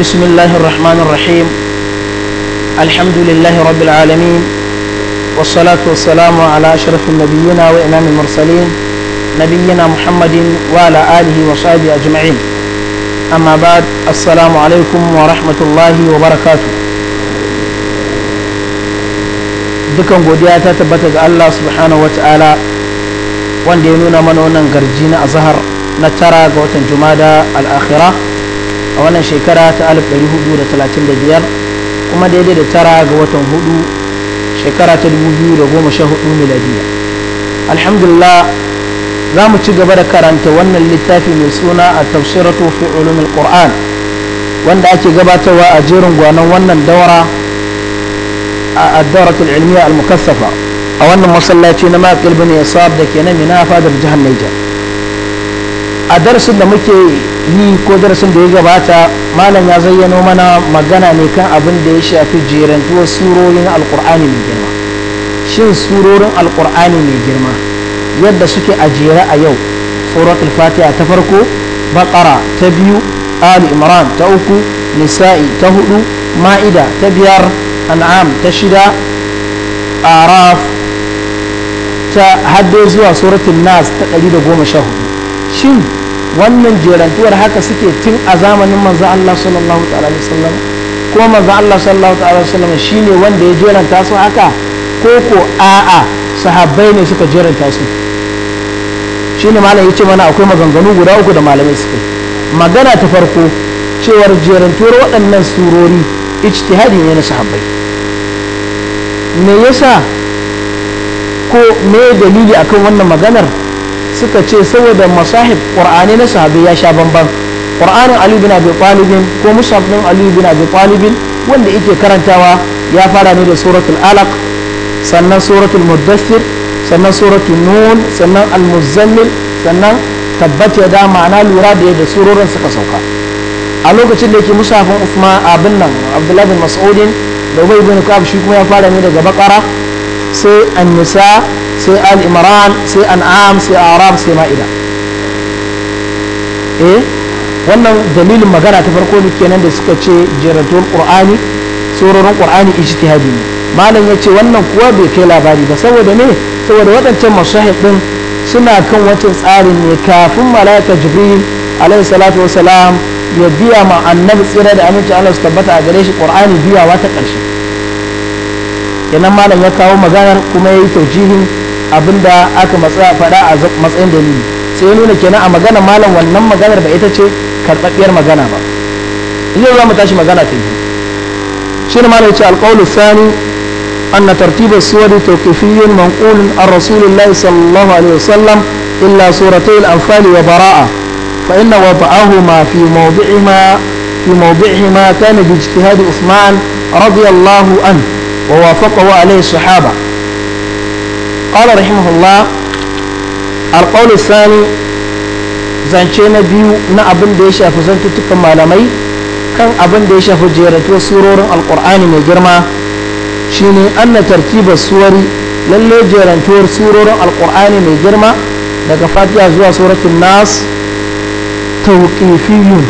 بسم الله الرحمن الرحيم الحمد لله رب العالمين والصلاة والسلام على أشرف النبيين وإمام المرسلين نبينا محمد وعلى آله وصحبه أجمعين أما بعد السلام عليكم ورحمة الله وبركاته dukan godiya ta tabbata ga Allah subhanahu wata'ala wanda ya nuna mana wannan garji na azhar na tara ga watan jumada al-akhirah a wannan shekara ta 1435 kuma daidai da tara ga watan hudu shekara ta 2014 miladiya alhamdulillah za mu ci gaba da karanta wannan littafi mai suna a tafsiratu fi ulumul qur'an wanda ake gabatarwa a jerin gwanon wannan daura a addaratul ilmiya al-mukassafa a wannan masallaci na makil bin yasab da ke na mina fadar jihar Niger a darasin da muke yi ko darasin da ya gabata malam ya zayyano mana magana ne kan abin da ya shafi jerantuwar surorin alkur'ani mai girma shin surorin alkur'ani mai girma yadda suke a jere a yau suratul fatiha ta farko bakara ta biyu ali imran ta uku nisa'i ta hudu ma'ida ta biyar an'am ta shida araf ta haddo zuwa suratul nas ta 114 shin wannan jerantuwar haka suke tun a zamanin manzo Allah sallallahu ta'ala alaihi wasallam ko manzo Allah sallallahu ta'ala alaihi wasallam shine wanda ya jeranta su haka ko ko a'a sahabbai ne suka jeranta su shine malam yace mana akwai maganganu guda uku da malamai suke magana ta farko cewar jerantuwar waɗannan surori ijtihadi ne na sahabbai me yasa ko me dalili akan wannan maganar suka ce saboda masahib qur'ani na sahabi ya sha bamban qur'anin ali bin abi talibin ko musaf din ali bin abi wanda yake karantawa ya fara ne da suratul alaq sannan suratul muddathir sannan suratul nun sannan al-muzammil sannan tabbata da ma'ana lura da yadda surorin suka sauka a lokacin da yake musafin usman abin nan abdullahi bin mas'udin da ubay bin ka'ab shi kuma ya fara ne daga bakara sai an-nisa sai al sai an'am sai arab sai ma'ida eh wannan dalilin magana ta farko ne kenan da suka ce jiratul ƙur'ani, tsororin ƙur'ani, ijtihadi ne malam ya ce wannan kuwa bai kai labari ba saboda ne saboda waɗancan masu din suna kan wancan tsarin ne kafin malaika jibril alaihi salatu wasalam ya biya ma annabi tsira da aminci Allah su tabbata a gare shi biyawa ta ƙarshe kenan malam ya kawo maganar kuma ya yi taujihin abinda aka faɗa a matsayin dalili sai ya nuna kenan a magana malam wannan maganar ba ita ce karɓaɓɓiyar magana ba yau za mu tashi magana ta yi shi ne malam ce alƙawul sani an na tartibar suwari tawqifiyyun manqulun ar rasulillahi sallallahu alaihi wasallam illa suratul anfal wa bara'a fainna inna wa ba'ahu ma fi mawdi'ihima fi mawdi'ihima kana bi ijtihadi radiyallahu an wa wafaqahu alaihi sahaba قال رحمه الله القول الثاني zance na biyu na abin da ya shafi zantuttukan malamai kan abin da ya shafi jeratuwar surorin alkur'ani mai girma shine anna tartiba suwari lalle jerantuwar surorin alkur'ani mai girma daga fatiha zuwa suratun nas tauqifiyun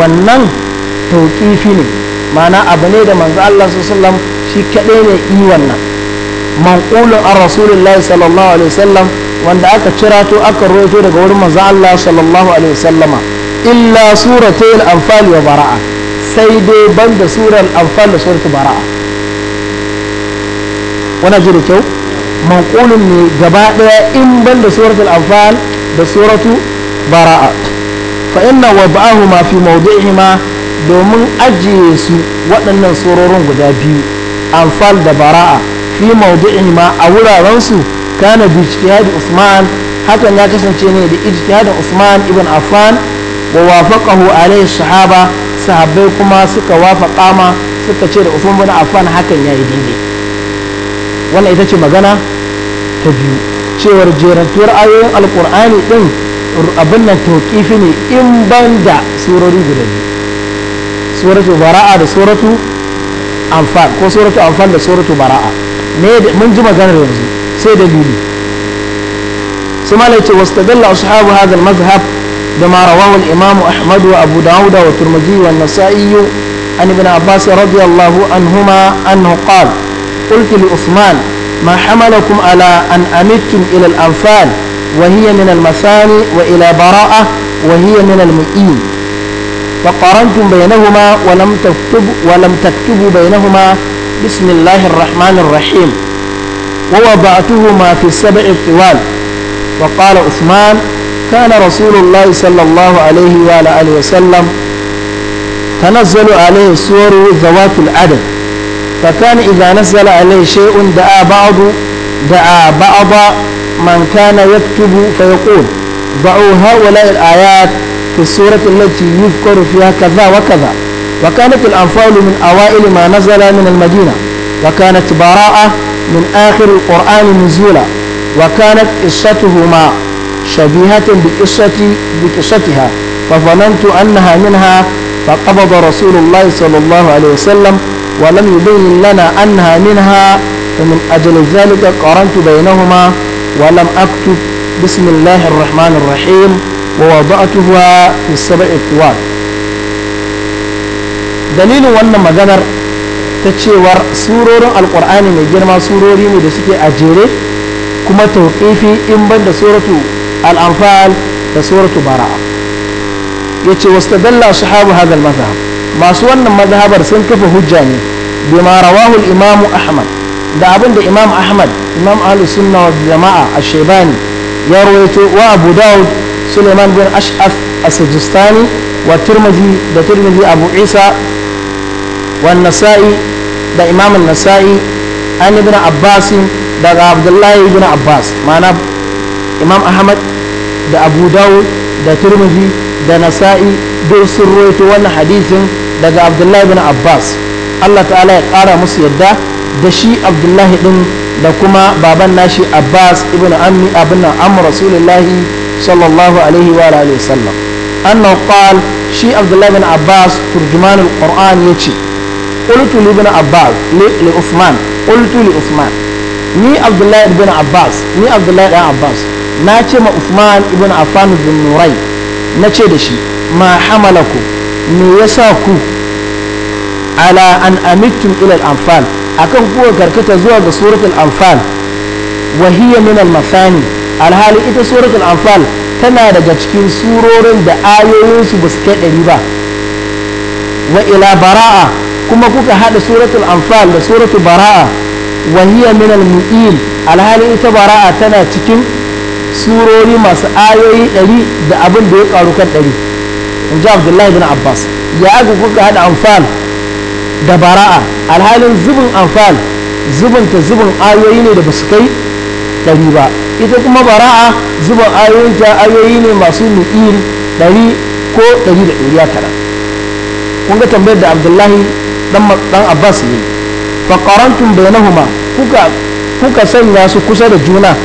wannan tauqifi ne ma'ana abu ne da manzo Allah sallallahu alaihi wasallam shi kadai ne yi wannan manqulun an rasulullahi sallallahu alaihi wasallam wanda aka cirato aka roto daga wurin manzo Allah sallallahu alaihi wasallama illa suratul anfal wa bara'a sai dai banda surar anfal da suratul bara'a wannan jira kyau manqulun ne gaba daya in banda suratul anfal da suratul bara'a fa inna wada'ahuma fi mawdi'ihima domin ajiye su waɗannan surorin guda biyu anfal da bara'a fi maudu'in ma a wuraren su kana bi ijtihadi Usman hakan ya kasance ne da ijtihadin Usman ibn Affan wa wafaqahu alayhi sahaba sahabbai kuma suka wafaqa ma suka ce da Usman ibn Affan hakan yayi daidai wannan ita ce magana ta biyu cewar jerantuwar ayoyin alkur'ani din abin nan tauƙifi ne in ban da surori guda biyu suratu bara'a da suratu anfal ko suratu anfal da suratu bara'a mun ji maganar yanzu sai dalili sai malai ce wastadalla ashabu hadha al-mazhab بما رواه الإمام أحمد وأبو داود والترمذي والنسائي عن ابن عباس رضي الله عنهما أنه قال قلت لعثمان ما حملكم على أن أمتم إلى الأنفال وهي من المثاني وإلى براءة وهي من المئين فقارنتم بينهما ولم تكتب ولم تكتبوا بينهما بسم الله الرحمن الرحيم ووضعتهما في السبع الطوال وقال عثمان كان رسول الله صلى الله عليه وعلى آله وسلم تنزل عليه السور ذوات العدد فكان إذا نزل عليه شيء دعا بعض دعا بعض من كان يكتب فيقول ضعوا هؤلاء الآيات في السورة التي يذكر فيها كذا وكذا وكانت الأنفال من أوائل ما نزل من المدينة وكانت براءة من آخر القرآن نزولا وكانت قصتهما شبيهة بقصة بقصتها فظننت أنها منها فقبض رسول الله صلى الله عليه وسلم ولم يبين لنا أنها منها فمن أجل ذلك قارنت بينهما ولم أكتب بسم الله الرحمن الرحيم ووضعتها في السبع الطوال dalilin wannan maganar ta cewar surorin alkur'ani mai girma surori ne da suke a jere kuma tauƙifi in ban da suratu al'amfal da suratu bara'a ya ce wasu tadalla su habu hadal mazhab masu wannan mazhabar sun kafa hujja ne bima rawahu imamu ahmad da abin da imam ahmad imam ahli sunna wa jama'a a shebani ya rawaito wa abu dawud suleiman bin ash'af a sajistani wa turmazi da turmazi abu isa wan nasa'i da imam nasai an ibn abbas daga abdullahi ibn abbas imam ahmad da abu da turmuzi da nasa'i duk sun rawaito wannan hadisin daga abdullahi ibn abbas allah ta'ala ya kara musu yadda da shi abdullahi din da kuma baban nashi abbas ibn ammi abin amr alaihi wa alihi wasallam annahu shi abdullahi ibn abbas turjumanul qur'an ce. qultu li abbas usman usman ni abdullahi ibn abbas ni abdullahi abbas na ce ma usman ibn afan bin nurai na ce da shi ma ku me yasa ku ala an amittum ila al-anfal akan kuwa karkata zuwa ga suratul amfan wa hiya min masani alhali ita suratul amfan tana daga cikin surorin da ayoyinsu ba su kai ɗari ba wa ila bara'a kuma kuka haɗa suratul anfal da suratul bara'a wa hiya min al mu'in alhali ita bara'a tana cikin surori masu ayoyi ɗari da abin da ya karu kan ɗari in ji abdullahi bin abbas ya aka kuka haɗa anfal da bara'a alhalin zubin anfal ta zubin ayoyi ne da basu kai ɗari ba ita kuma bara'a zubin ta ayoyi ne masu mu'in ɗari ko ɗari da ɗoriya tara kun ga tambayar da abdullahi dan abbas ne faƙarantun bainahuma kuka kuka sanya su kusa da juna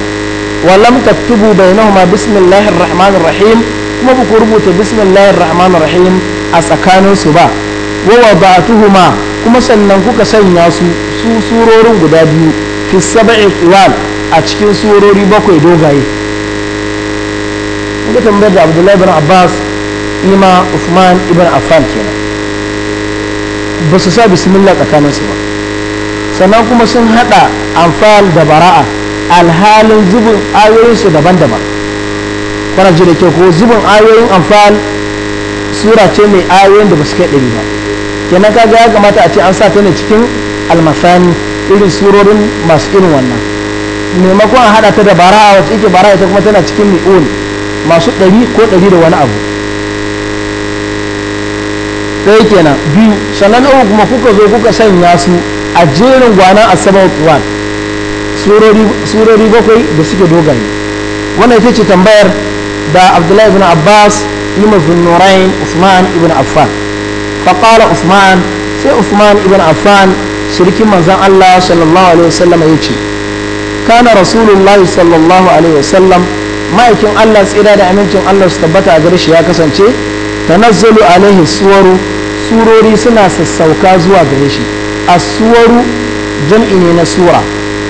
walam taktubu bainahuma bismillahir rahmanir rahim kuma ku rubuta bismillahir rahmanir rahim a tsakanin su ba wa wada'tuhuma kuma sannan kuka sanya su su surorin guda biyu fi sab'i tiwal a cikin surori bakwai dogaye kuka tambayar da Abdullahi ibn Abbas ima usman ibn Affan kenan ba su sa bismillah tsakaninsu ba sannan kuma sun hada amfal da bara'a alhalin zubin ayoyinsu daban-daban kwana ji da kyau ko zubin ayoyin amfal sura ce mai ayoyin da ba su kai ɗari ba kenan kaga ya kamata a ce an sa ta ne cikin almasani irin surorin masu irin wannan maimakon a hada ta da bara'a wacce ike bara'a ta kuma tana cikin mi'un masu ɗari ko ɗari da wani abu ɗaya kenan biyu sannan uku kuma kuka zo kuka sanya su a jerin gwanan asabar tuwan surori bakwai da suke dogaye wannan ita ce tambayar da abdullahi ibn abbas ibn zunnurain usman ibn affan faƙala usman sai usman ibn affan shirkin manzan allah sallallahu alaihi wasallam ya ce kana rasulullahi sallallahu alaihi wasallam ma'aikin allah tsira da amincin allah su tabbata a gare shi ya kasance tanazzalu alaihi suwaru surori suna sassauka zuwa gare shi as-suwaru jam'i ne na sura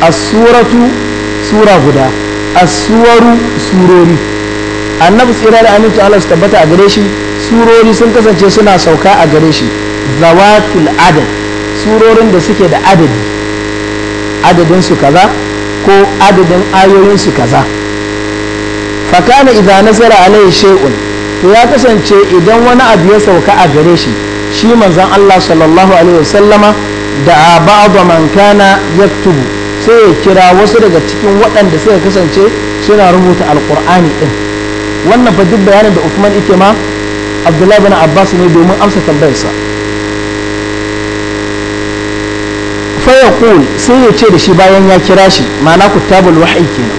as-suratu sura guda as-suwaru surori annabi tsira da aminci Allah su tabbata a gare shi surori sun kasance suna sauka a gare shi zawatul adad surorin da suke da adadi adadin su kaza ko adadin ayoyin su kaza fakana idza nazara alaihi shay'un to ya kasance idan wani abu ya sauka a gare shi shi manzan Allah sallallahu alaihi wasallama da ba'd man kana yaktubu sai ya kira wasu daga cikin waɗanda suka kasance suna rubuta alqur'ani din wannan fa duk bayanin da Uthman yake ma Abdullahi bin Abbas ne domin amsa tambayarsa fayakul sai ya ce da shi bayan ya kira shi ma'ana kutabul wahyi kenan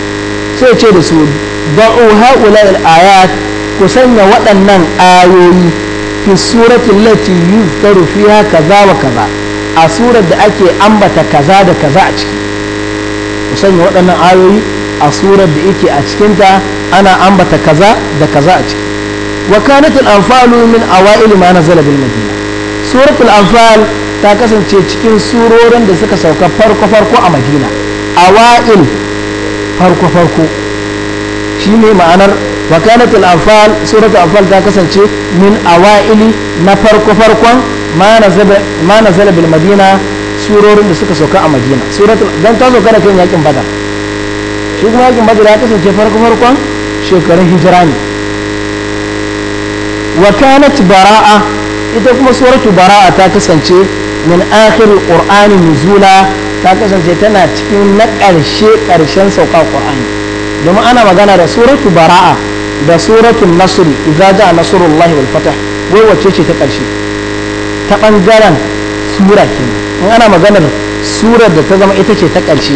sai ya ce da su da'u ha'ula al-ayat ku sanya waɗannan ayoyi fi suratun lati yuzkaru fiha kaza wa kaza a surar da ake ambata kaza da kaza a ciki ku sanya waɗannan ayoyi a surar da yake a cikinta ana ambata kaza da kaza a ciki wa kanat al-anfalu min awail ma nazala bil madina suratul anfal ta kasance cikin surorin da suka sauka farko farko a madina awail farko farko shine ma'anar wa kanat al-anfal suratul anfal ta kasance min awaili na farko farkon ma nazala ma bil madina surorin da suka sauka a madina suratul dan ta sauka da kan yakin badar shi kuma yakin badar ta kasance farko farkon shekarun hijira ne wa kanat bara'a ita kuma suratul bara'a ta kasance min akhir al-qur'ani nuzula ta kasance tana cikin na ƙarshe ƙarshen sauka qur'ani domin ana magana da suratul bara'a da suratun Nasiru idza a nasrullah wal fath wai wace ce ta karshe ta bangaren sura kenan in ana maganar surar da ta zama ita ce ta karshe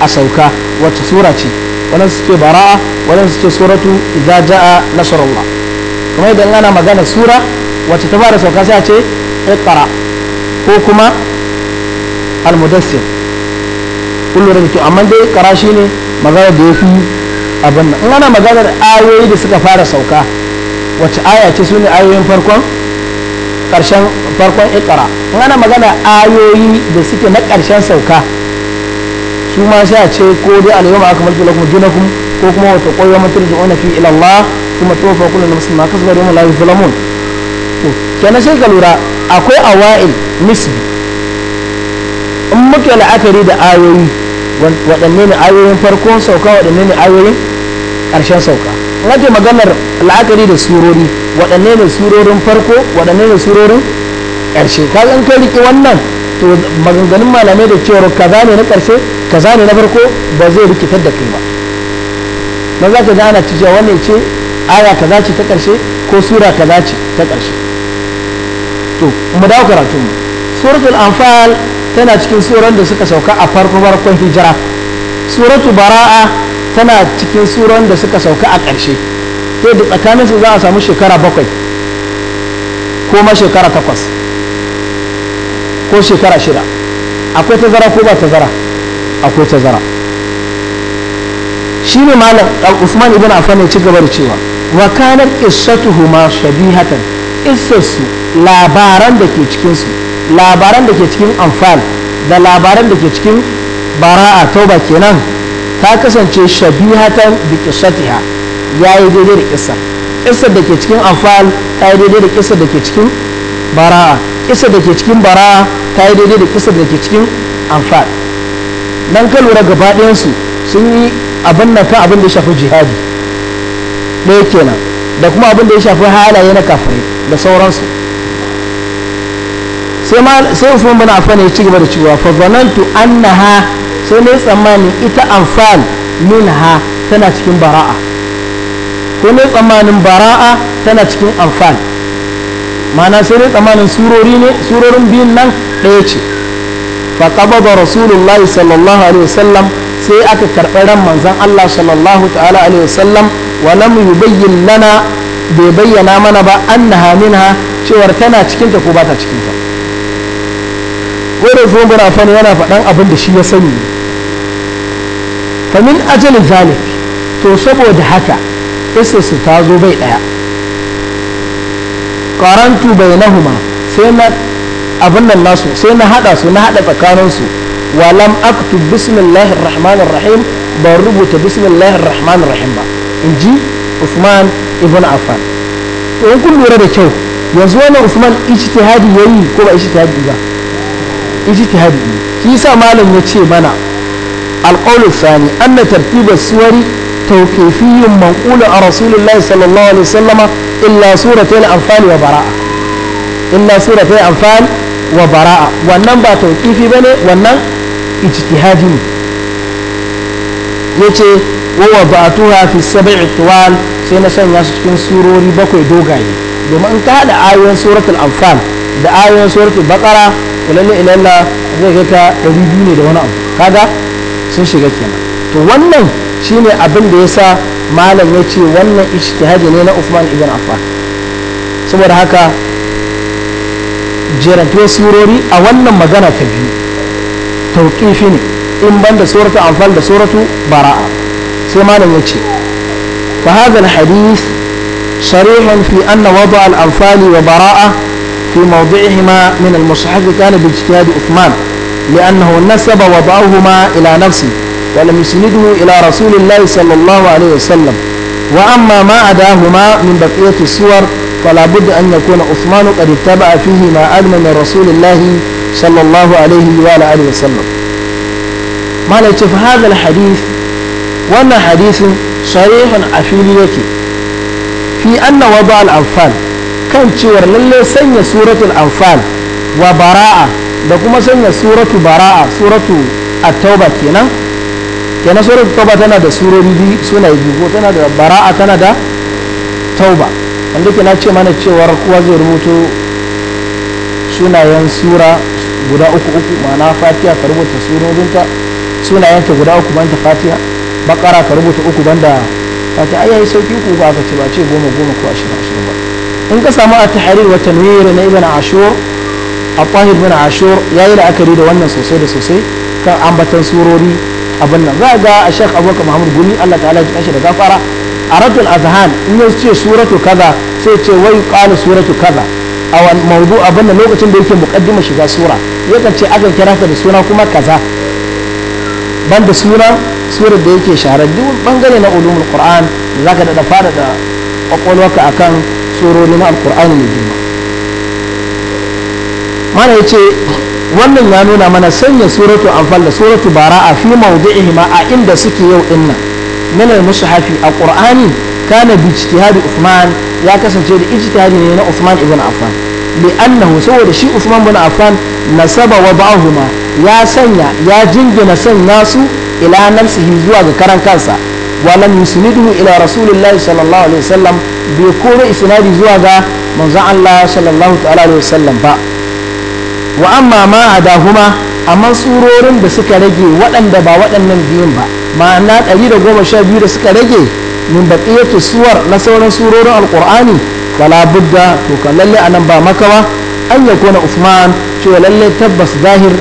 a sauka wacce sura ce wannan suke bara'a wannan suke suratu idza Nasiru nasrullah kuma idan ana maganar sura wacce ta fara sauka sai a ce iqra ko kuma al-mudassir kullu da amma dai iqra shine maganar da ya fi. abin nan in ana maganar ayoyi da suka fara sauka wacce aya ce su ne ayoyin farkon ƙarshen farkon ikara in ana maganar ayoyi da suke na ƙarshen sauka su ma sha ce ko dai aka ma kuma juna kuma ko kuma wata qoyya mutarji'una fi ila Allah kuma tofa kullu nafsin musulma kasabat yawma la filamun. to kenan sai ka lura akwai awail nisbi in muke la'akari da ayoyi waɗanne ne ayoyin farkon sauka waɗanne ne ayoyin ƙarshen sauka wace maganar la'akari da surori waɗanne ne surorin farko waɗanne ne surorin ƙarshe ka in kai riƙe wannan to maganganun malamai da cewar kaza ne na ƙarshe kaza ne na farko ba zai rikitar da kai ba ba za ka ana cewa wannan ce aya kaza ce ta ƙarshe ko sura kaza ce ta ƙarshe to mu dawo karatun mu suratul anfal tana cikin suran da suka sauka a farko farkon hijira suratu bara'a tana cikin suran da suka sauka a ƙarshe to da tsakaninsu za a samu shekara bakwai ko ma shekara takwas ko shekara shida akwai tazara ko ba tazara akwai tazara shi ne malam usman ibn affan ya ci gaba da cewa wa kanar qissatuhuma shabihatan isassu labaran da ke cikinsu labaran da ke cikin amfal da labaran da ke cikin bara'a tauba kenan ta kasance shabihatan bi qissatiha yayi daidai da kissa kisa da ke cikin afal ta yi daidai da kisa da ke cikin bara kisa da ke cikin bara ta yi daidai da kisa da ke cikin afal dan ka lura gaba ɗayan su sun yi abin na kan abin da ya shafi jihadi ɗaya kenan da kuma abin da ya shafi halaye na kafirai da sauransu sai ma sai Usman bin Affan ya ci gaba da cewa fa zanantu annaha sai ne tsammanin ita amfal minha tana cikin bara'a ko mai tsammanin bara'a tana cikin amfal mana sai ne tsammanin surori ne surorin biyun nan ɗaya ce fa qabada rasulullahi sallallahu alaihi wasallam sai aka karɓi ran manzan Allah sallallahu ta'ala alaihi wasallam wa lam yubayyin lana bai bayyana mana ba annaha minha cewar tana cikin ta ko ba ta cikin ta ko da yana faɗan abin da shi ya sani famin ajalin zalik to saboda haka isarsu ta zo bai daya karantu bai huma sai na abin nan nasu sai na haɗa su na haɗa tsakaninsu walam ar-rahman ar rahim ba rubuta ar-rahman ar rahim ba in ji usman ibn affan to kun lura da kyau yanzu wannan usman ijtihadi yayi ko ba ijtihadi ba ijtihadi shi yasa malam ya ce mana القول الثاني أن ترتيب السور توقيفي منقول عن رسول الله صلى الله عليه وسلم إلا سورة الأنفال وبراءة إلا وبراءة wannan ba tauƙifi ba ne wannan ijtihadi ne ya ce wawa ba tuha fi saba'i tuwal sai na sanya su cikin surori bakwai dogaye domin in ka haɗa ayoyin suratul amfan da ayoyin suratul baqara kulalla ilalla zai kai ɗari biyu ne da wani abu kaga sun shiga kenan to wannan shine abin da ya sa malam ya ce wannan ijtihadi ne na Uthman ibn Affan saboda haka jerantuwa surori a wannan magana ta biyu tauƙifi ne in ban da suratu anfal da suratu bara'a sai malam ya ce fa hadha alhadith صريح في wa bara'a fi وبراءة min al من kana كان باجتهاد عثمان لأنه نسب وضعهما إلى نفسه ولم يسنده إلى رسول الله صلى الله عليه وسلم وأما ما عداهما من بقية السور فلا بد أن يكون عثمان قد اتبع فيه ما علم من رسول الله صلى الله عليه وعلى آله وسلم ما نشوف هذا الحديث وأن حديث صريح عفيليك في أن وضع الأنفال كان شور للي سنة سورة الأنفال وبراءة da kuma sanya suratu bara'a suratu at-tauba kenan kenan suratu tauba tana da surori biyu suna biyu ko tana da bara'a tana da tauba wanda ke na ce mana cewar kowa zai rubuto sunayen sura guda uku uku ma'ana fatiha ka rubuta surorinta sunayenta guda uku banta fatiha bakara ka rubuta uku banda fatiha ai yayi sauki uku ba ka ce ba ce goma goma ko ashirin ashirin ba in ka samu a tahrir wa tanwir na ibn ashur a tahir bin ashur yi la'akari da wannan sosai da sosai kan ambatan surori abin nan za ga a shek abubakar muhammad guni allah ta'ala ji kashi da gafara a raddul azhan in ya ce suratu kaza sai ce wai qala suratu kaza a wani mawdu abin nan lokacin da yake muqaddima shiga sura yakan ce akan kira ta da suna kuma kaza banda suna surar da yake shahararri duk bangare na ulumul qur'an zaka da fara da kwakwalwarka akan surori na alqur'ani mai mana ya ce wannan ya nuna mana sanya suratu anfal da suratu bara a fi mawdi'ihi ma a inda suke yau inna nan min al-mushafi a qur'ani kana bi ijtihadi usman ya kasance da ijtihadi ne na usman ibn affan annahu saboda shi usman ibn affan nasaba wa ba'huma ya sanya ya jingina sanya su ila nafsihi zuwa ga karan kansa ولم يسنده إلى رسول الله صلى الله عليه وسلم بيكون zuwa ga من الله صلى الله عليه وسلم بقى wa amma ma adahuma amma surorin da suka rage waɗanda ba waɗannan biyun ba ma'ana ɗari da goma sha biyu da suka rage min baqiyatu suwar na sauran surorin alkur'ani? wala budda to kan lalle anan ba makawa an yakuna usman cewa lalle tabbas zahir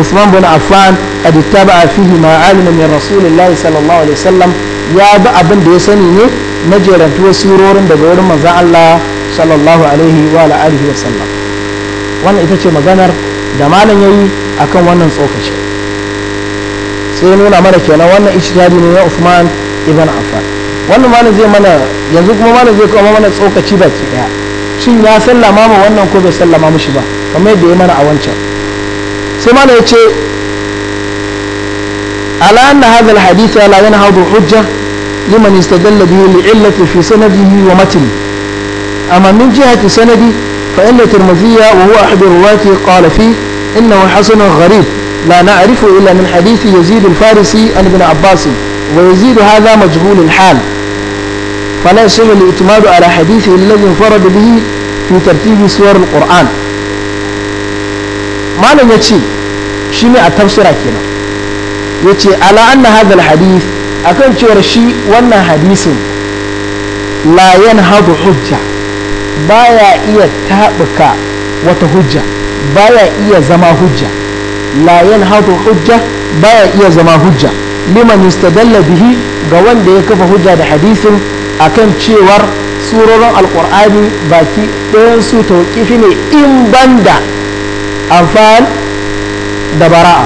usman bin affan qad ittaba fihi ma alima min rasulillahi sallallahu alaihi wasallam ya bi abin da ya sani ne na jerantuwar surorin daga wurin manzon Allah sallallahu alaihi wa alihi wannan ita ce maganar da malam ya yi a kan wannan tsokaci sai nuna mana kenan wannan ijtihadi ne na Uthman ibn Affan wannan malam zai mana yanzu kuma malam zai kawo mana tsokaci baki daya shin ya sallama ma wannan ko bai sallama mishi ba kamar yadda ya mana a wancan sai malam ya ce ala anna hadha alhadith la yanhadu hujja liman istadalla bihi li'illati fi sanadihi wa matni amma min jihati sanadi فإن الترمذي وهو أحد رواته قال فيه إنه حسن غريب لا نعرفه إلا من حديث يزيد الفارسي عن ابن عباس ويزيد هذا مجهول الحال فلا يشغل الاعتماد على حديثه الذي انفرد به في ترتيب سور القرآن ما لم يتشي شمع التفسير كنا يتشي على أن هذا الحديث أكن الشيء وأن حديث لا ينهض حجة baya iya taɓuka wata hujja baya iya zama hujja la hadu hujja baya iya zama hujja liman yustadalla bihi ga wanda ya kafa hujja da hadisin akan cewar surorin alkur'ani baki ɗayan su tawqifi ne in banda amfan da bara'a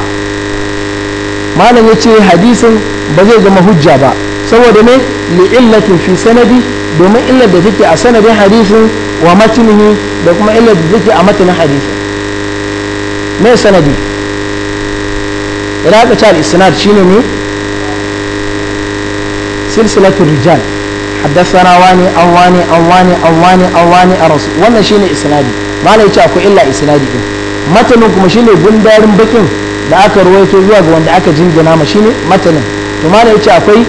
malam ya ce hadisin ba zai zama hujja ba saboda ne li'illatin fi sanadi domin illar da take a sanadin hadisin wa matinihi da kuma illa da zake a matanin hadisi me sanadi idan aka ce al-isnad shine ne silsilatul rijal حدثنا واني awani awani awani awani او واني او واني ارسل wannan shine isnadi malai ce akwai illa isnadi din matanin kuma shine gundarin bakin da aka ruwaito zuwa ga wanda aka jingina ma shine matanin to malai ce akwai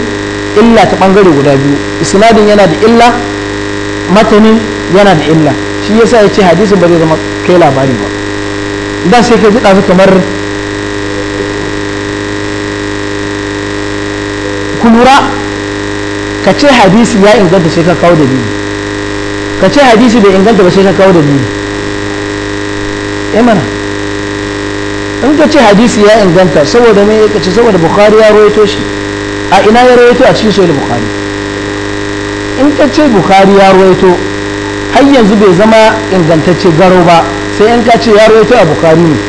illa ta bangare guda biyu isnadin yana da illa matanin yana da illa shi yasa ya ce hadisin ba zai zama kai labari ba da sai ka jiɗa su kamar ku lura ka ce hadisi ya inganta sai ka kawo dalili ka ce hadisi bai inganta ba sai ka kawo dalili yamana eh in ka ce hadisi ya inganta saboda mai ya kace saboda bukhari ya rawaito shi a ina ya rawaito a cikin sahih bukhari in ka ce bukhari ya rawaito har yanzu bai zama ingantacce garo ba sai in ka ce ya rawaito a bukari ne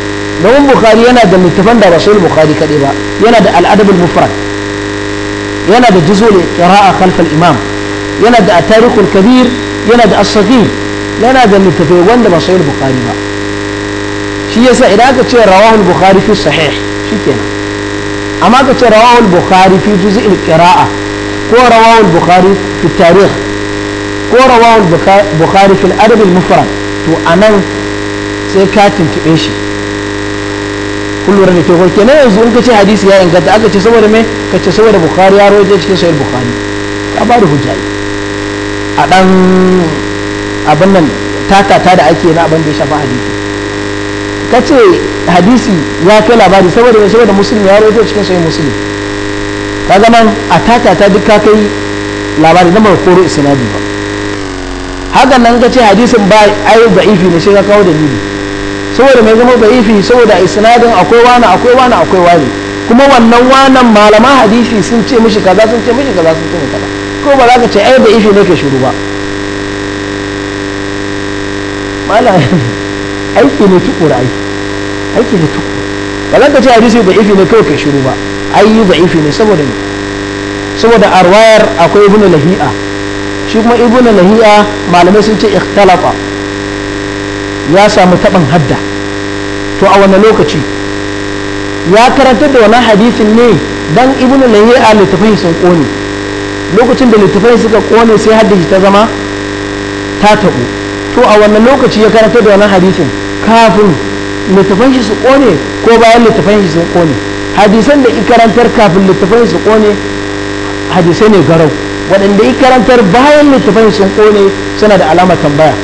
domin bukari yana da littafan da rasul bukari kaɗai ba yana da al'adabul mufrad yana da juzul qira'a khalf imam yana da at kabir yana da as-saghir yana da littafai wanda ba sahih bukari ba shi yasa idan aka ce rawahul bukhari fi sahih shikenan amma ka ce rawahul bukhari fi juz'il qira'a ko rawahul bukhari fi tarikh ko rawawar bukhari fil al mufrad to a nan sai ka tuntube shi rani da kyau kenan yanzu in ka ce hadisi ya inganta aka ce saboda me ka ce saboda bukhari ya rawaito cikin sahih bukhari ka ba da hujja a dan abin nan takata da ake na abin da ya shafa hadisi ka ce hadisi ya kai labari saboda me saboda muslim ya rawaito cikin sahih muslim ka zaman a takata duk ka kai labari na ba koro isnadi ba haka nan ka ce hadisin ba ai da'ifi ne shi ka kawo dalili saboda mai zama da'ifi saboda isnadin akwai wani akwai wani akwai wani kuma wannan wanan malaman hadisi sun ce mishi kaza sun ce mishi kaza sun ce mishi kaza ko ba za ka ce ai da'ifi ne ke shiru ba malam aiki ne tukura aiki aiki ne tukura ba za ka ce hadisi da'ifi ne kawai ke shiru ba ai da'ifi ne saboda ne saboda arwayar akwai ibn lahi'a shi kuma Ibn lahiya malamai sun ce ikhtalafa ya samu taban hadda to a wani lokaci ya karanta da wani hadisin ne dan ibnu lahiya littafai sun kone lokacin da littafai suka kone sai haddashi ta zama ta tabu to a wani lokaci ya karanta da wani hadisin kafin littafan shi su kone ko bayan littafan shi sun kone hadisan da ikarantar kafin littafan su kone hadisai ne garau waɗanda yi karantar bayan littafin sun kone suna da alamar tambaya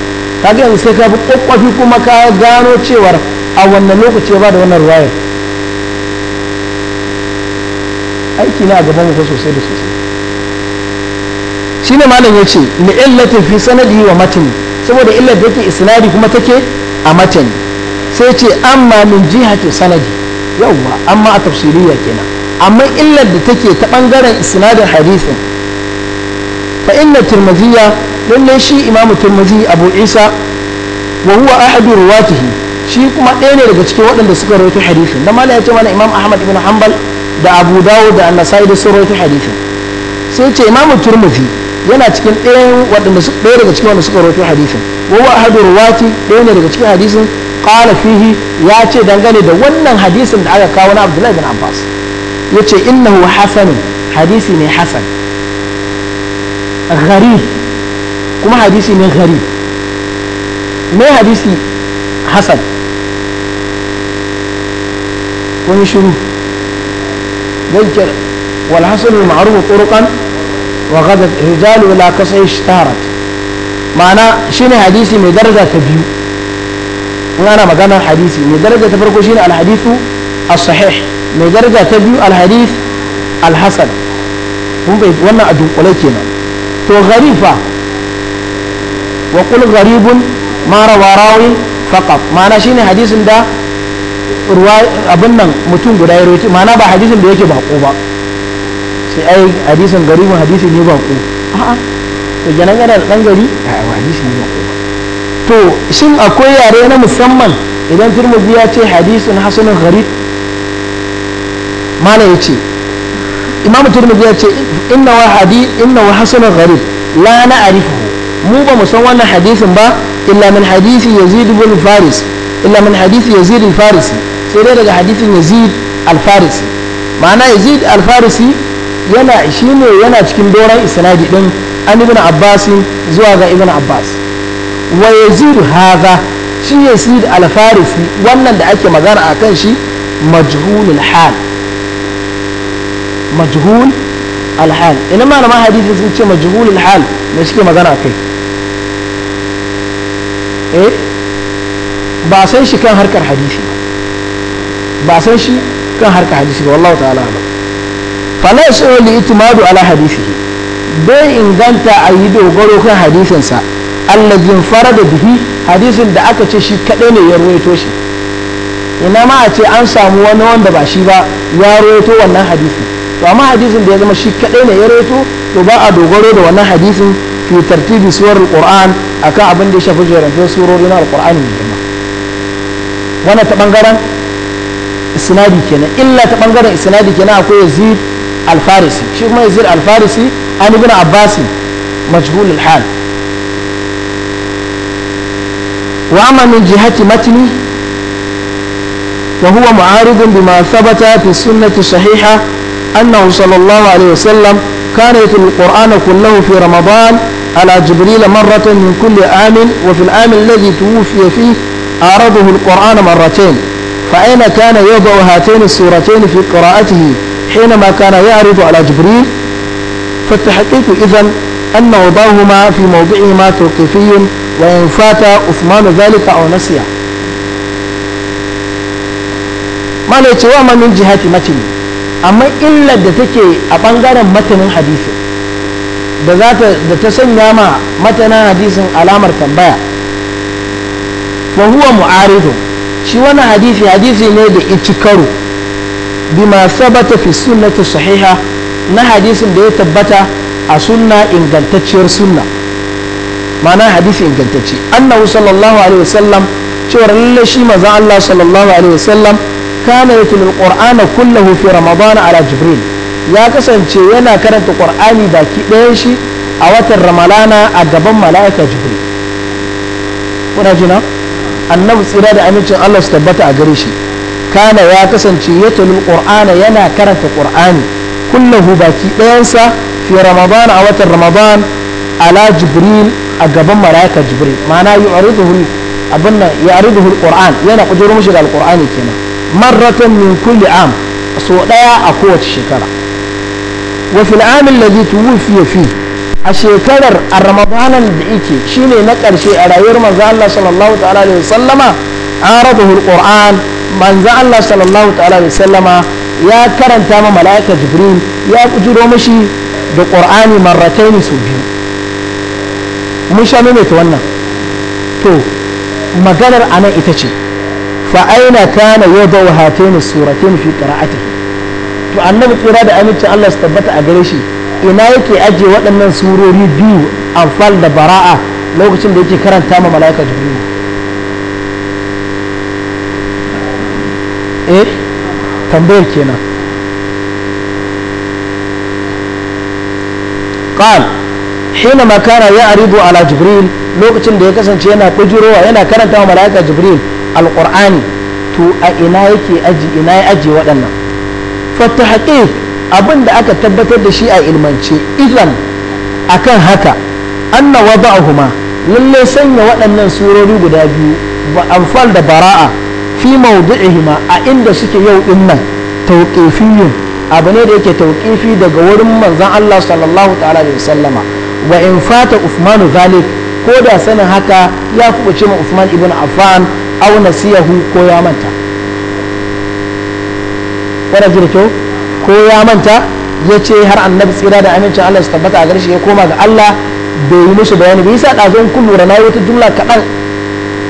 kaga yanzu sai ka bi kwakwafi kuma ka gano cewar a wannan lokaci ba da wannan ruwayar aiki na a gaban mu sosai da sosai shine malam yace li illatin fi sanadi wa matni saboda illar da take isnadi kuma take a matani sai ce amma min jihati sanadi yawwa amma a tafsiriya kenan amma illar da take ta bangaren isnadin hadisin fa inna tirmidhiya lalle shi imam tirmidhi abu isa wa huwa ahadu ruwatihi shi kuma ɗaya ne daga cikin waɗanda suka rawaito hadisin dan malai ya ce mana imam ahmad ibn hanbal da abu dawud da an-nasai da sun rawaito hadisin sai ce imam tirmidhi yana cikin ɗayan waɗanda ɗaya daga cikin waɗanda suka rawaito hadisin wa huwa ahadu ruwati ɗaya ne daga cikin hadisin qala fihi ya ce dangane da wannan hadisin da aka kawo na abdullahi bin abbas yace innahu hasan hadisi ne hasan gharib kuma hadisi ne gharib mai hadisi hasan kun shiru zai kira wal hasan ma'ruf turuqan wa ghadat rijal wala kasai ishtarat ma'ana shine hadisi mai daraja ta biyu in ana maganar hadisi mai daraja ta farko shine al hadithu as-sahih mai daraja ta biyu al hadith kun bai wannan a dunkule kenan to gharifa wa kul gharibun mara warawi faqaf ma'ana shine hadisin da ruwa abin nan mutum guda ya roci mana ba hadisin da yake bako ba sai ai hadisin garibin hadisi ne bako a'a to janan yana da dan gari a hadisi ne bako to shin akwai yare na musamman idan turmuzi ya ce hadisin hasanun gharib mana ya ce imamu turmudi ya ce inna wa hadith inna wa hasan gharib la mu ba mu san wannan hadisin ba illa min hadisi yazid ibn faris illa min hadisi yazid al-farisi sai dai daga hadisin yazid al-farisi ma'ana yazid al-farisi yana shine yana cikin doron isnadi din an ibn abbas zuwa ga ibn abbas wa yazid hadha shi yazid al-farisi wannan da ake magana akan shi majhulul hal majhul alhal ina malaman hadisi sun ce majhul alhal me suke magana kai eh ba san shi kan harkar hadisi ba ba san shi kan harkar hadisi ba ta'ala ba fala li itimadu ala hadisihi bai inganta a yi dogaro kan hadisinsa allazin fara da bihi hadisin da aka ce shi kaɗai ne ya ruwaito shi ina ma a ce an samu wani wanda ba shi ba ya ruwaito wannan hadisi to amma hadisin da ya zama shi kadai ne ya reto to ba a dogaro da wannan hadisin fi tartibi suwar alquran akan abin da ya shafi jerantar surori na alqur'ani ne kuma wannan ta bangaren isnadi kenan illa ta bangaren isnadi kenan akwai yazid alfarisi shi kuma yazid alfarisi an ibn abbas majhul hal wa amma min jihati matni فهو معارض بما ثبت في السنة الصحيحة أنه صلى الله عليه وسلم كان يتلو القرآن كله في رمضان على جبريل مرة من كل عام وفي العام الذي توفي فيه أعرضه القرآن مرتين فأين كان يضع هاتين السورتين في قراءته حينما كان يعرض على جبريل فالتحقيق إذا أن وضعهما في موضعهما توقيفي وإن فات أثمان ذلك أو نسيه ما لا يتوامى من جهة متن amma illar da take a ɓangaren matanin hadisi da za ta da ta sanya ma matanin hadisin alamar tambaya wa huwa mu'aridun shi wannan hadisi hadisi ne da ici karo bima sabata fi sunnati sahiha na hadisin da ya tabbata a sunna ingantacciyar sunna ma'ana hadisi ingantacce annahu sallallahu alaihi wasallam cewar lallai shi manzon Allah sallallahu alaihi wasallam kana yatlul qur'ana kullahu fi ramadan ala jibril ya kasance yana karanta qur'ani baki ɗayan shi a watan ramalana a gaban mala'ika jibril kuna jina annabi tsira da amincin Allah su tabbata a gare shi kana ya kasance yatlul qur'ana yana karanta qur'ani kullahu baki ɗayansa fi ramadan a watan ramadan ala jibril a gaban mala'ika jibril ma'ana abin nan ya yana kujero mishi da alqurani kenan marratan min kulli am so daya a kowace shekara wa fil am alladhi tuwfiya fi a shekarar a ramadanan da yake shine na karshe a rayuwar manzo Allah sallallahu ta'ala alaihi wasallama aradahu alquran manzo Allah sallallahu ta'ala alaihi wasallama ya karanta ma malaika jibril ya kujiro mashi da qur'ani marrataini su biyu mun sha mene ta wannan to maganar anan ita ce fa aina kana yadau hatain suratain fi to annabi tsira da aminci Allah su tabbata a gare shi ina yake ajiye waɗannan surori biyu anfal da bara'a lokacin da yake karanta ma mala'ika jibril eh tambayar kenan qal hina ma kana ya'ridu ala jibril lokacin da ya kasance yana kujirowa yana karanta ma mala'ika jibril alqur'ani to a ina yake aji ina ya aje waɗannan fata haƙiƙ abin da aka tabbatar da shi a ilmance idan akan haka anna wada'uhuma lalle sanya waɗannan surori guda biyu ba anfal da bara'a fi mawdu'ihima a inda suke yau din nan tawqifiyyun abu da yake tawqifi daga wurin manzon Allah sallallahu ta'ala alaihi wasallama wa in fata Uthmanu zalik ko da sanin haka ya kubuce ma Uthman ibn Affan au hu ko ya manta wadda ji kyau ko ya manta ya ce har annabi tsira da amincin Allah su tabbata a garshe ya koma ga Allah bai yi musu bayani bai sa ɗazon kun lura na wata jumla kaɗan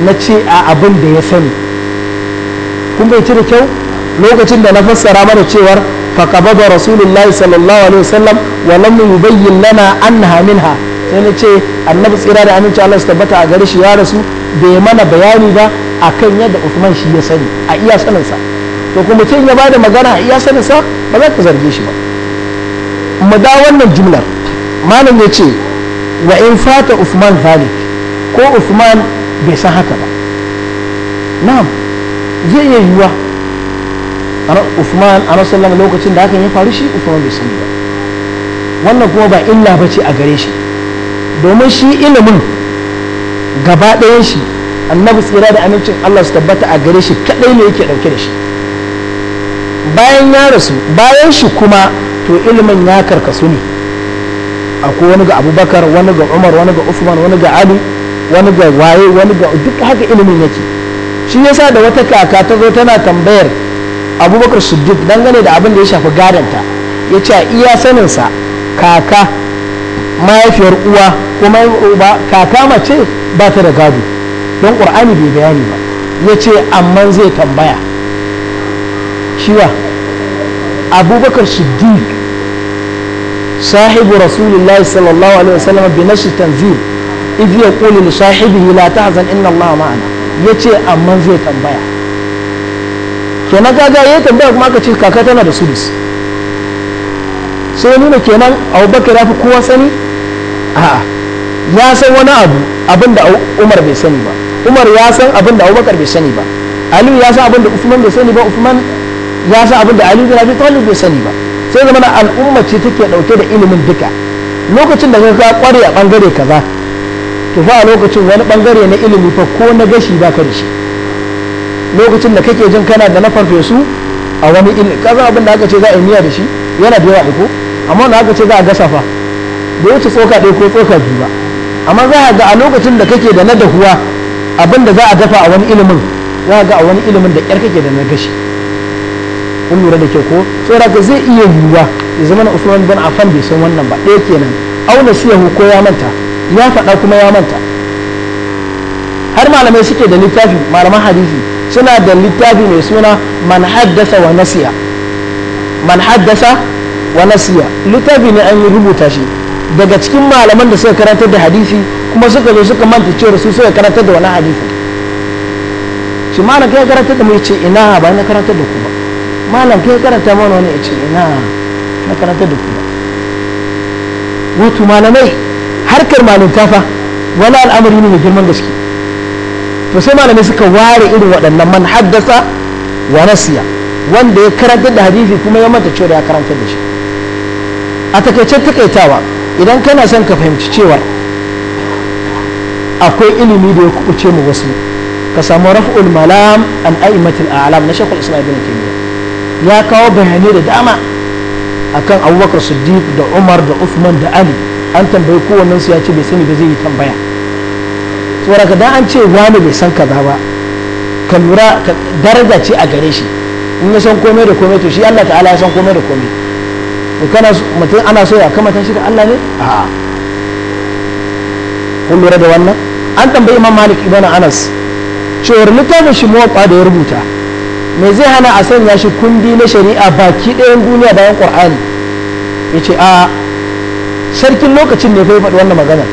na ce a abin da ya sani kun bai ci da kyau lokacin da na fassara mana cewar fakaba ba الله sallallahu alaihi عليه وسلم ولم يبين لنا أنها منها sai na ce annabi tsira da aminci Allah su tabbata a gare ya rasu bai mana bayani ba akan yadda Usman shi ya sani a iya saninsa to kuma mutum ya bada magana a iya saninsa ba za ka zarge shi ba mu da wannan jumlar malam ya ce wa in fata Uthman zalik ko Uthman bai san haka ba na'am zai iya yiwuwa Uthman a sallam lokacin da hakan ya faru shi Uthman bai sani ba wannan kuma ba illa ba ce a gare shi domin shi ilimin gaba ɗayan shi annabi tsira da amincin Allah su tabbata a gare shi kadai ne yake dauke da shi bayan ya rasu bayan shi kuma to ilimin ya karkasu ne akwai wani ga abubakar wani ga umar wani ga usman wani ga ali wani ga waye wani ga duk haka ilimin yake shi yasa da wata kaka ta zo tana tambayar abubakar siddiq dangane da abin da ya shafi gadanta ya ce a iya saninsa kaka mahaifiyar uwa kuma uba kaka mace ba ta da gado don ƙur'ani bai bayani ba ya ce amma zai tambaya shiwa abubakar siddiq sahibu rasulullahi sallallahu alaihi wasallam bi shi tanzil idh yaqulu li sahibihi la tahzan inna allaha ma'ana yace amma zai tambaya kenan kaga yayi tambaya kuma aka ce kaka tana da sudus sai nuna kenan abubakar ya fi kowa sani a'a ya san wani abu abinda umar bai sani ba umar ya san abin da abubakar bai sani ba aliyu ya san abin da usman bai sani ba usman ya san abin da aliyu bin abi bai sani ba sai zama al'umma ce take dauke da ilimin duka lokacin da ka kware a bangare kaza to fa a lokacin wani bangare na ilimi fa ko na gashi ba ka da shi lokacin da kake jin kana da na farfesu a wani ilimi kaza abin da aka ce za a yi miya da shi yana da yawa ko amma da aka ce za a gasa fa bai wuce tsoka ɗaya ko tsoka biyu ba amma za a ga a lokacin da kake da na dahuwa abin da za a dafa a wani ilimin za ga a wani ilimin da ƙyar kake da na gashi kun lura da ke ko saboda zai iya yiwuwa ya zama na usman bin affan bai san wannan ba ɗaya kenan auna siya ko ya manta ya faɗa kuma ya manta har malamai suke da littafi malaman hadisi suna da littafi mai suna man haddasa wa nasiya man wa nasiya littafi ne an yi rubuta shi daga cikin malaman da suka karantar da hadisi kuma suka zo suka manta cewa su suka karantar da wani hadisi shi malam kai karantar da mu ce ina ba na karantar da ku ba malam kai karanta mana wani ce ina na karantar da ku ba wato malamai harkar malinta fa wani al'amari ne mai girman gaske to sai malamai suka ware irin waɗannan man haddasa wa nasiya wanda ya karantar da hadisi kuma ya manta cewa ya karantar da shi a takaicen takaitawa idan kana son ka fahimci cewa akwai ilimi da ya kubuce mu wasu ka samu raf'ul malam an aimatul a'lam na shekul islam ibn taymiya ya kawo bayanai da dama akan abubakar siddiq da umar da uthman da ali an tambayi kowannen su ya ce bai sani ba zai yi tambaya saboda ka da an ce wani bai san kaza ba ka lura daraja ce a gare shi in ya san komai da komai to shi Allah ta'ala ya san komai da komai kana mutum ana so ya kamata shi da Allah ne a kun lura da wannan an tambayi imam malik ibn anas cewar littafin shi muwatta da ya rubuta me zai hana a sanya shi kundi na shari'a baki ɗayan duniya bayan qur'ani ya ce a sarkin lokacin ne fa ya faɗi wannan magana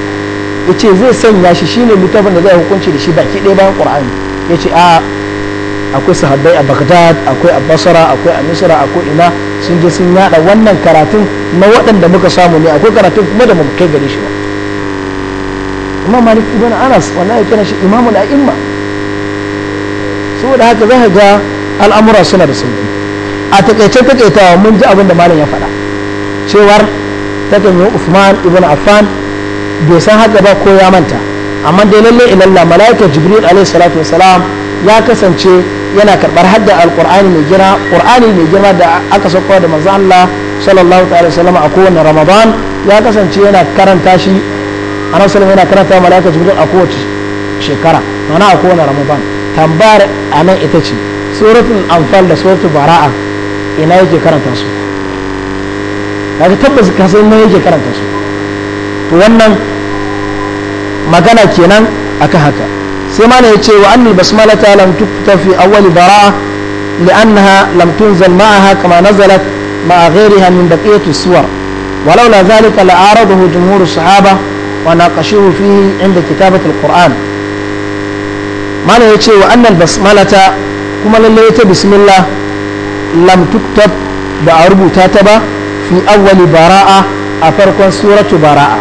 ya ce zai sanya shi shine littafin da zai hukunci da shi baki ɗaya bayan qur'ani ya ce a akwai sahabbai a baghdad akwai a basra akwai a misra akwai ina sun je sun yada wannan karatun na waɗanda muka samu ne akwai karatun kuma da muka kai gare shi ba imam malik ibn anas ya kira shi imamul a'imma saboda haka za ka ga al'amura suna da sauki a takaice takaitawa mun ji abin da malam ya faɗa cewar takan yi usman ibn Affan bai san haka ba ko ya manta amma dai lalle ilalla malaika Jibril alaihi salatu wasalam ya kasance yana karɓar hadda alƙur'ani mai gina ƙur'ani mai gina da aka sauko da manzo Allah sallallahu ta'ala wasallam a kowane ramadan ya kasance yana karanta shi annabi sallallahu yana karanta malaika jibril a kowace shekara mana a kowane ramadan tambayar anan ita ce suratul anfal da suratul bara'a ina yake karanta su kaga tabbas ka san me yake karanta su to wannan magana kenan akan haka sai mana ya ce wa annal basmalata lam tukta fi awwali bara'a li'annaha lam tunzal ma'aha kama nazalat ma'a ghayriha min baqiyati suwar walau la zalika la aradahu jumhur sahaba wa naqashuhu fihi inda kitabati alquran ma ya ce wa annal basmalata kuma lallai ta bismillah lam tukta ba a rubuta ta ba fi awwali bara'a a farkon suratu bara'a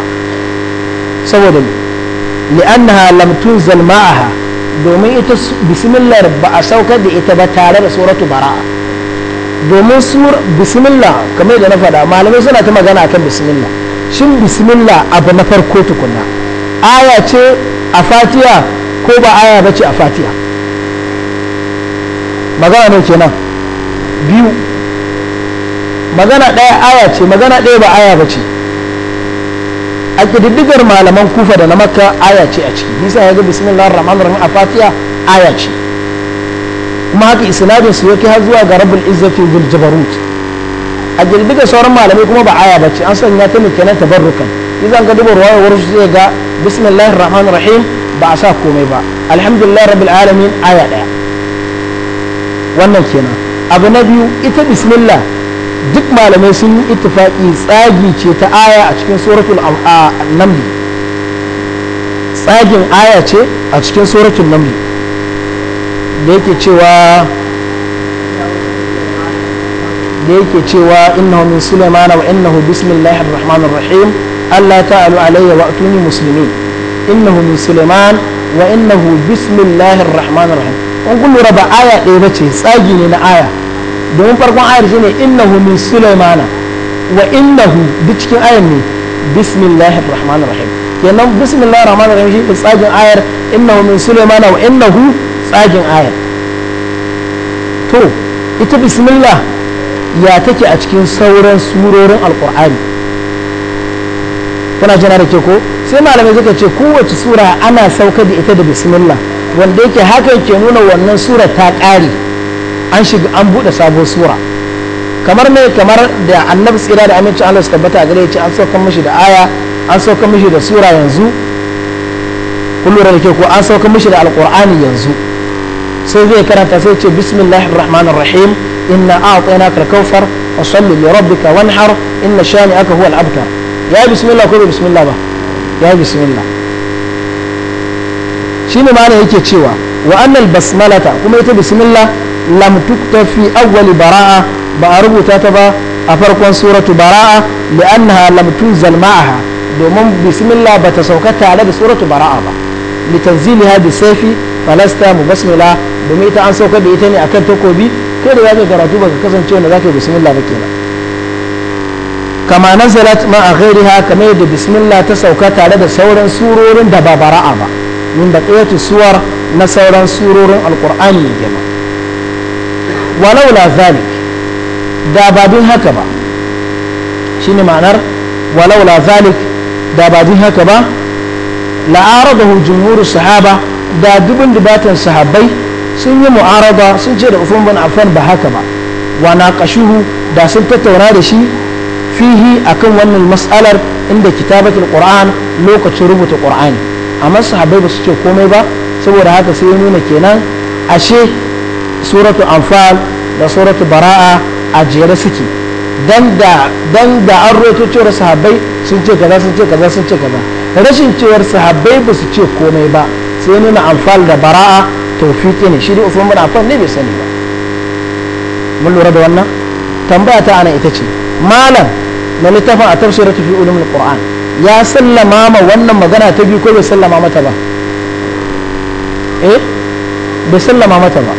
saboda ne li'annaha lam tunzal ma'aha domin ita bismillah ba a saukar da ita ba tare da suratu bara'a domin sur bismillah kamar da na faɗa malamai suna ta magana akan bismillah shin bismillah abu na farko tukunna aya ce a fatiya ko ba aya ba a fatiya magana ne kenan biyu magana ɗaya aya ce magana ɗaya ba aya ba a ƙididdigar malaman kufa da na makka aya ce a ciki nisa ya ga bismillahir rahmanir rahim a fatiya aya ce kuma haka isnadin su yake har zuwa ga rabbul izzati bil jabarut a ƙididdigar sauran malamai kuma ba aya bace an sanya ta ne kenan tabarrukan idan ka duba ruwaya wurin su zai ga bismillahir rahman rahim ba a sa komai ba alhamdulillah rabbil alamin aya daya wannan kenan abu na biyu ita bismillah duk malamai sun yi ittifaki tsagi ce ta aya a cikin suratul namli tsagin aya ce a cikin suratul namli da yake cewa da yake cewa innahu min sulaimana wa innahu bismillahir rahmanir rahim allah ta'alu alayya wa atuni muslimin innahu min sulaiman wa innahu bismillahir rahmanir rahim kun lura ba aya ɗaya ce tsagi ne na aya domin farkon ayar shi ne innahu min sulaimana wa innahu duk cikin ayar ne bismillahir rahmanir rahim kenan bismillahir rahmanir rahim shi tsagin ayar innahu min sulaimana wa innahu tsagin ayar to ita bismillah ya take a cikin sauran surorin alkur'ani kuna jana da ke ko sai malamai suka ce kowace sura ana saukar da ita da bismillah wanda yake haka yake nuna wannan sura ta ƙari. an shiga an buɗe sabon sura kamar me kamar da annabi tsira da amincin Allah su tabbata gare ce an saukan mishi da aya an saukan mishi da sura yanzu kun lura da ke ko an saukan mishi da alqur'ani yanzu sai zai karanta sai ce bismillahir rahmanir rahim inna a'tainaka al-kawthar wa salli li rabbika wanhar inna shani'aka huwa al-abtar ya bismillah ko bismillah ba ya bismillah shine ma yake cewa wa annal basmalata kuma ita bismillah lam tukta fi awwali bara'a ba a rubuta ta ba a farkon suratu bara'a li'annaha lam tunzal ma'aha domin bismillah ta sauka tare da suratu bara'a ba litanziliha bi sayfi falasta mu basmila domin ita an sauka da ita ne a kan takobi kai da zaka karatu baka kasance wanda zaka yi bismillah ba kenan kama nazalat ma a ghairiha kamar yadda bismillah ta sauka tare da sauran surorin da ba bara'a ba min da suwar na sauran surorin alqur'ani ne girma Walau zalik da ba din haka ba shine ma'anar walaula zalik da ba din haka ba jumhurus sahaba da dubin dubatan sahabbai sun yi mu'arada sun ce da Uthman bin Affan ba haka ba wa naqashuhu da sun tattauna da shi fihi akan wannan mas'alar inda kitabatul Qur'an lokacin rubuta Qur'ani amma sahabbai ba su ce komai ba saboda haka sai ya nuna kenan ashe suratu anfal da suratu bara'a a jere suke don da an roto cewar sahabbai sun ce kaza sun ce kaza sun ce kaza rashin cewar sahabbai ba su ce komai ba sai nuna anfal da bara'a tawfiki ne shi ne usman bin affan ne bai sani ba mun lura da wannan tambaya ta ana ita ce malam na littafin a tafsirar tafi ulumul qur'an ya sallama ma wannan magana ta biyu ko bai sallama mata ba eh bai sallama mata ba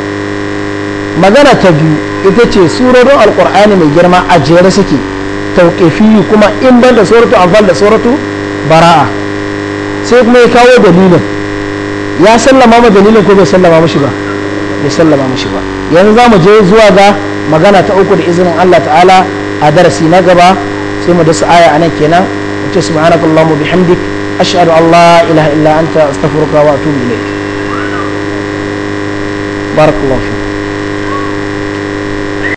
magana ta biyu ita ce surarun alkur'ani mai girma a jere suke tauƙifiyu kuma in ban da suratu anfal da suratu bara'a sai kuma ya kawo dalilin ya sallama ma dalilin ko bai sallama mashi ba bai sallama mashi ba yanzu za mu je zuwa ga magana ta uku da izinin Allah ta'ala a darasi na gaba sai mu dasu aya a nan kenan su mutum subhanakallahumma bihamdik ashhadu an la ilaha illa anta astaghfiruka wa atubu ilayk barakallahu fiik